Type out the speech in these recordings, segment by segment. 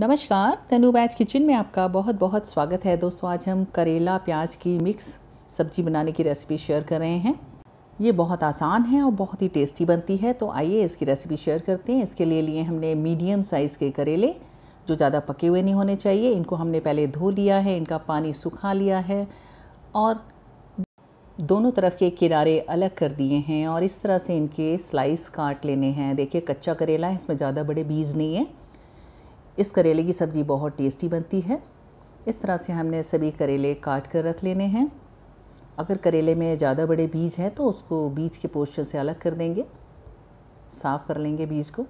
नमस्कार तनु बैच किचन में आपका बहुत बहुत स्वागत है दोस्तों आज हम करेला प्याज की मिक्स सब्जी बनाने की रेसिपी शेयर कर रहे हैं ये बहुत आसान है और बहुत ही टेस्टी बनती है तो आइए इसकी रेसिपी शेयर करते हैं इसके लिए लिए हमने मीडियम साइज़ के करेले जो ज़्यादा पके हुए नहीं होने चाहिए इनको हमने पहले धो लिया है इनका पानी सुखा लिया है और दोनों तरफ के किनारे अलग कर दिए हैं और इस तरह से इनके स्लाइस काट लेने हैं देखिए कच्चा करेला है इसमें ज़्यादा बड़े बीज नहीं है इस करेले की सब्ज़ी बहुत टेस्टी बनती है इस तरह से हमने सभी करेले काट कर रख लेने हैं अगर करेले में ज़्यादा बड़े बीज हैं तो उसको बीज के पोस्टर से अलग कर देंगे साफ़ कर लेंगे बीज को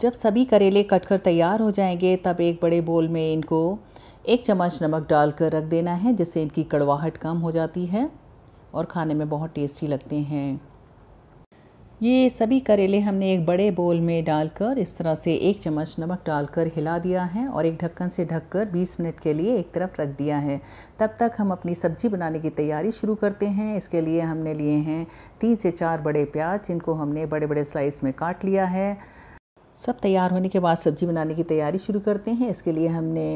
जब सभी करेले कट कर तैयार हो जाएंगे तब एक बड़े बोल में इनको एक चम्मच नमक डालकर रख देना है जिससे इनकी कड़वाहट कम हो जाती है और खाने में बहुत टेस्टी लगते हैं ये सभी करेले हमने एक बड़े बोल में डालकर इस तरह से एक चम्मच नमक डालकर हिला दिया है और एक ढक्कन से ढककर 20 मिनट के लिए एक तरफ रख दिया है तब तक हम अपनी सब्जी बनाने की तैयारी शुरू करते हैं इसके लिए हमने लिए हैं तीन से चार बड़े प्याज जिनको हमने बड़े बड़े स्लाइस में काट लिया है सब तैयार होने के बाद सब्जी बनाने की तैयारी शुरू करते हैं इसके लिए हमने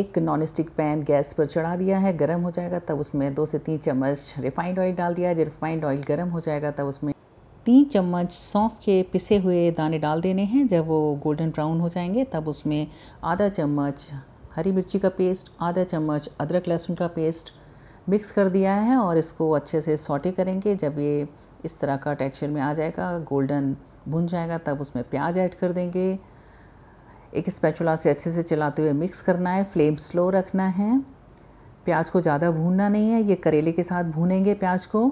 एक नॉन स्टिक पैन गैस पर चढ़ा दिया है गर्म हो जाएगा तब उसमें दो से तीन चम्मच रिफाइंड ऑयल डाल दिया है जब रिफाइंड ऑयल गर्म हो जाएगा तब उसमें तीन चम्मच सौंफ के पिसे हुए दाने डाल देने हैं जब वो गोल्डन ब्राउन हो जाएंगे तब उसमें आधा चम्मच हरी मिर्ची का पेस्ट आधा चम्मच अदरक लहसुन का पेस्ट मिक्स कर दिया है और इसको अच्छे से सॉटे करेंगे जब ये इस तरह का टेक्सचर में आ जाएगा गोल्डन भुन जाएगा तब उसमें प्याज ऐड कर देंगे एक स्पैचुला से अच्छे से चलाते हुए मिक्स करना है फ्लेम स्लो रखना है प्याज को ज़्यादा भूनना नहीं है ये करेले के साथ भूनेंगे प्याज को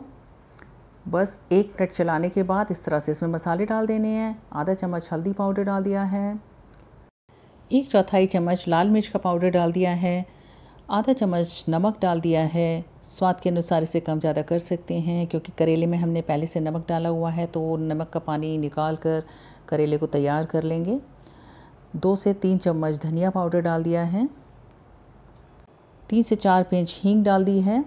बस एक मिनट चलाने के बाद इस तरह से इसमें मसाले डाल देने हैं आधा चम्मच हल्दी पाउडर डाल दिया है एक चौथाई चम्मच लाल मिर्च का पाउडर डाल दिया है आधा चम्मच नमक डाल दिया है स्वाद के अनुसार इसे कम ज़्यादा कर सकते हैं क्योंकि करेले में हमने पहले से नमक डाला हुआ है तो नमक का पानी निकाल कर करेले को तैयार कर लेंगे दो से तीन चम्मच धनिया पाउडर डाल दिया है तीन से चार पिंच हींग डाल दी है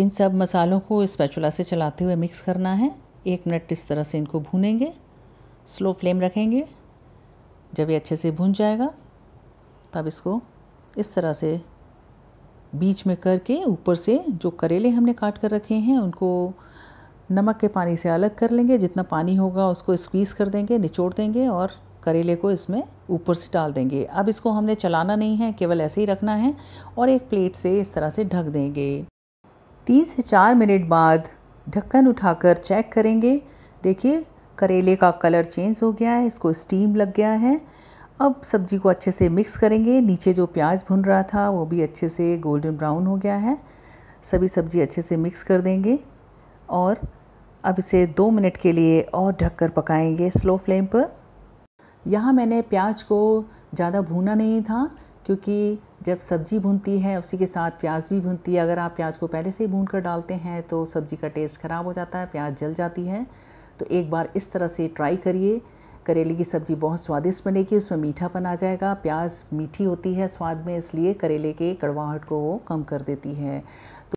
इन सब मसालों को स्पैचुला से चलाते हुए मिक्स करना है एक मिनट इस तरह से इनको भूनेंगे स्लो फ्लेम रखेंगे जब ये अच्छे से भून जाएगा तब इसको इस तरह से बीच में करके ऊपर से जो करेले हमने काट कर रखे हैं उनको नमक के पानी से अलग कर लेंगे जितना पानी होगा उसको स्क्वीज़ कर देंगे निचोड़ देंगे और करेले को इसमें ऊपर से डाल देंगे अब इसको हमने चलाना नहीं है केवल ऐसे ही रखना है और एक प्लेट से इस तरह से ढक देंगे तीन से चार मिनट बाद ढक्कन उठाकर चेक करेंगे देखिए करेले का कलर चेंज हो गया है इसको स्टीम लग गया है अब सब्जी को अच्छे से मिक्स करेंगे नीचे जो प्याज भुन रहा था वो भी अच्छे से गोल्डन ब्राउन हो गया है सभी सब्जी अच्छे से मिक्स कर देंगे और अब इसे दो मिनट के लिए और ढककर पकाएंगे स्लो फ्लेम पर यहाँ मैंने प्याज को ज़्यादा भूना नहीं था क्योंकि जब सब्ज़ी भूनती है उसी के साथ प्याज भी भूनती है अगर आप प्याज को पहले से ही भून कर डालते हैं तो सब्ज़ी का टेस्ट ख़राब हो जाता है प्याज जल जाती है तो एक बार इस तरह से ट्राई करिए करेले की सब्ज़ी बहुत स्वादिष्ट बनेगी उसमें मीठापन आ जाएगा प्याज मीठी होती है स्वाद में इसलिए करेले के कड़वाहट को वो कम कर देती है